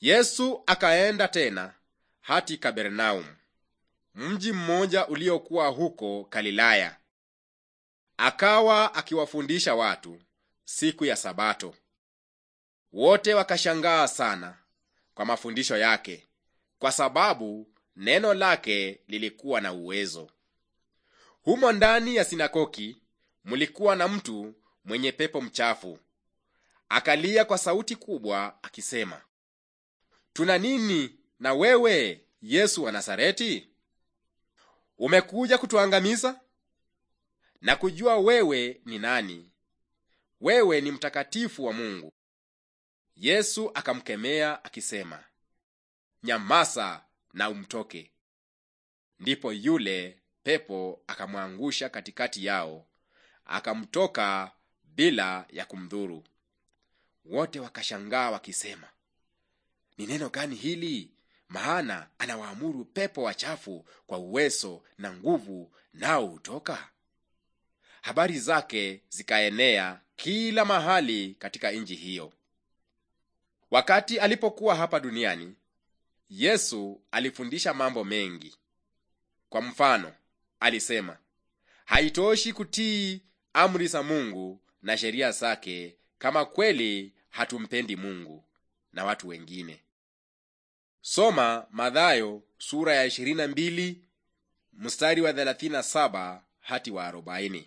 Yesu akaenda tena hati Kapernaum, mji mmoja uliokuwa huko Galilaya, akawa akiwafundisha watu siku ya Sabato. Wote wakashangaa sana kwa mafundisho yake, kwa sababu neno lake lilikuwa na uwezo. Humo ndani ya sinagogi mulikuwa na mtu mwenye pepo mchafu, akalia kwa sauti kubwa akisema tuna nini na wewe Yesu wa Nazareti? Umekuja kutuangamiza? Na kujua wewe ni nani, wewe ni mtakatifu wa Mungu. Yesu akamkemea akisema, nyamasa na umtoke. Ndipo yule pepo akamwangusha katikati yao, akamtoka bila ya kumdhuru. Wote wakashangaa wakisema ni neno gani hili? Maana anawaamuru pepo wachafu kwa uwezo na nguvu, nao hutoka. Habari zake zikaenea kila mahali katika nchi hiyo. Wakati alipokuwa hapa duniani, Yesu alifundisha mambo mengi. Kwa mfano, alisema haitoshi kutii amri za Mungu na sheria zake kama kweli hatumpendi Mungu na watu wengine. Soma madhayo sura ya 22 mstari wa 37 hati wa 40.